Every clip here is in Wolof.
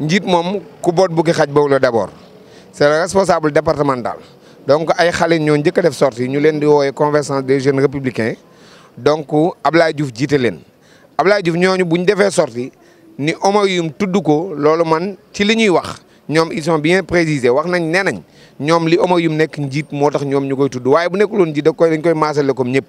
njiit moom ku boot bukki xaj boobu la d'abord, c'est c' est le responsable départemental donc ay xale ñoo njëkk a def sortie ñu leen di woowee convergence des jeunes républicains donc Ablaye Diouf jiite leen Ablaye Diouf ñooñu bu ñu defee sortie ni Omarioum tudd ko loolu man ci li ñuy wax ñoom ils sont bien précisés wax nañ nee nañ ñoom li Omarioum nekk njiit moo tax ñoom ñu koy tudd waaye bu nekkuloon njiit da koy dañ koy maasale comme ñëpp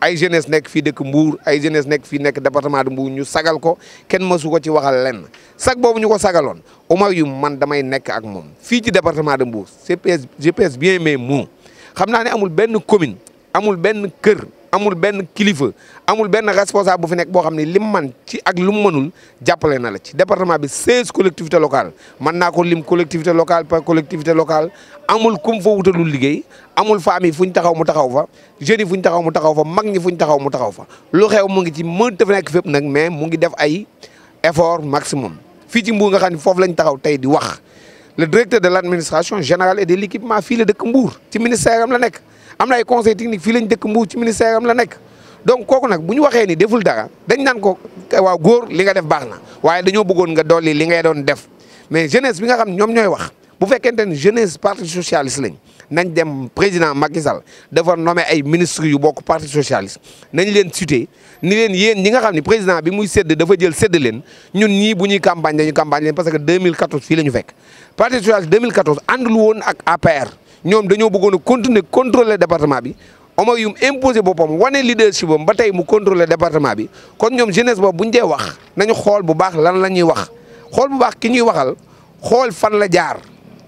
ay jeunesse nekk fii dekk mbuur ay jeunesse nekk fii nekk département de Mbour ñu sagal ko kenn mësu ko ci waxal lenn sag boobu ñu ko sagaloon Omar yu man damay nekk ak moom fii ci département de Mbour GPS GPS bien mais mu xam naa ne amul benn commune amul benn kër amul ben kilifa amul ben responsable bu fi nek bo xamni lim man ci ak lu mu mënul na la ci département bi 16 collectivités locales man naa ko lim collectivité locale par collectivité locale amul kum fo wutalul liguey amul famille fuñ taxaw mu taxaw fa jeunes fuñ taxaw mu taxaw fa mag ñi fu taxaw mu taxaw fa lu xew mu ngi ci mënta fa nek fépp nak mais mu ngi def ay effort maximum fi ci mbou nga xamni ne lañ taxaw tay di wax le directeur de l'administration générale et de l'équipement file de la Le ministère de la Il am na conseil technique de de ministère am la donc kooku nag bu des ni deful dara dañ que ko waaw li nga def des jeunesse bu fekkente ne jeunesse parti socialiste lañ nañ dem président Macky Sall dafa nommer ay ministres yu bokk parti socialiste nañ leen cité ni leen yéen ñi nga xam président bi muy sédd dafa jël sédd leen ñun ñii bu campagne dañu campagne leen parce que 2014 nous la fait. fekk. parti socialiste 2014 àndul woon ak APR ñoom dañoo bëggoon a continuer contrôler département bi. avons imposé boppam wane leadership bam ba tey mu contrôler département bi kon ñoom jeunesse boobu bu ñu dee wax nañu xool bu baax lan la ñuy wax xool bu baax ki ñuy waxal que fan la jaar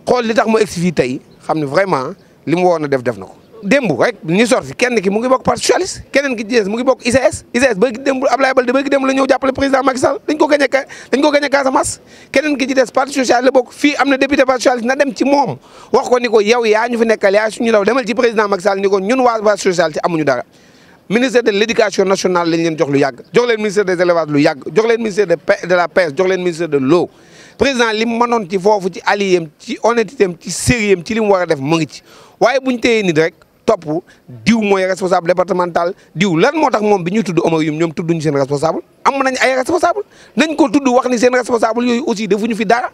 xool li tax mo egsi fii tey xam vraiment lim mu def def nako dembu démb rek ñu sorti kenn ki mu ngi bok parti socialiste keneen ki ci mu ngi bok ICS ICS ba dembu Ablaye Balde ba démb la ñeu jappale président Macky Sall dañ ko gagné ka dañ ko gagné Casamance kenen ki ci dess parti socialiste la bok fi amna député parti socialiste na dem ci mom wax ko niko yaw ya ñu fi nekkal yaa suñu law demal ci président Macky Sall niko ñun wa parti socialiste amuñu dara ministère de l'éducation nationale lañ leen jox lu yag jox leen ministère des élevages lu yag jox leen ministère de de la paix jox leen ministère de l'eau président li manon ci fofu ci aliyem ci honnêteté ci sérieux ci li wara def mu ngi ci waaye bu ñu rek topp diw moy responsable départemental diw lan motax mom biñu tuddu ñuy tudd Omar Youm ñoom tudduñu sen responsable am nañ ay responsable nañ ko tuddu wax ni sen responsable yoyu aussi defuñu fi dara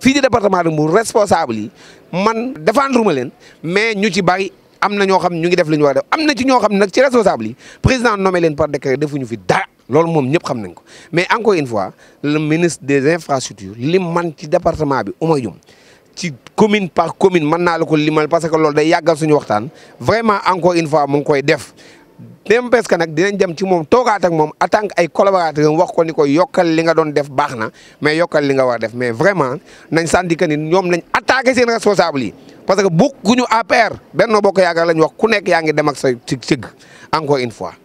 fi di département de responsable yi man défendre len mais ñu ci bari am na xam ñu ngi def liñu wara def amna ci ño xam nak ci responsable yi président nommé len par décret defuñu fi dara loolu moom ñëpp xam nañ ko mais encore une fois le ministre des infrastructures li man ci département bi Oumar Youm ci commune par commune mën naa la ko limal parce que loolu day yàggal suñu waxtaan vraiment encore une fois mu ngi koy def même parce que nag dinañ dem ci moom toogaat ak moom en tant que ay collaborateurs wax ko ni ko yokkal li nga doon def baax mais yokkal li nga war def mais vraiment nañ sànni que ni ñoom lañ attaqué seen responsable yi parce que bokkuñu APR Benno Bokk Yaakaar lañ wax ku nekk yaa ngi dem ak sa cig encore une fois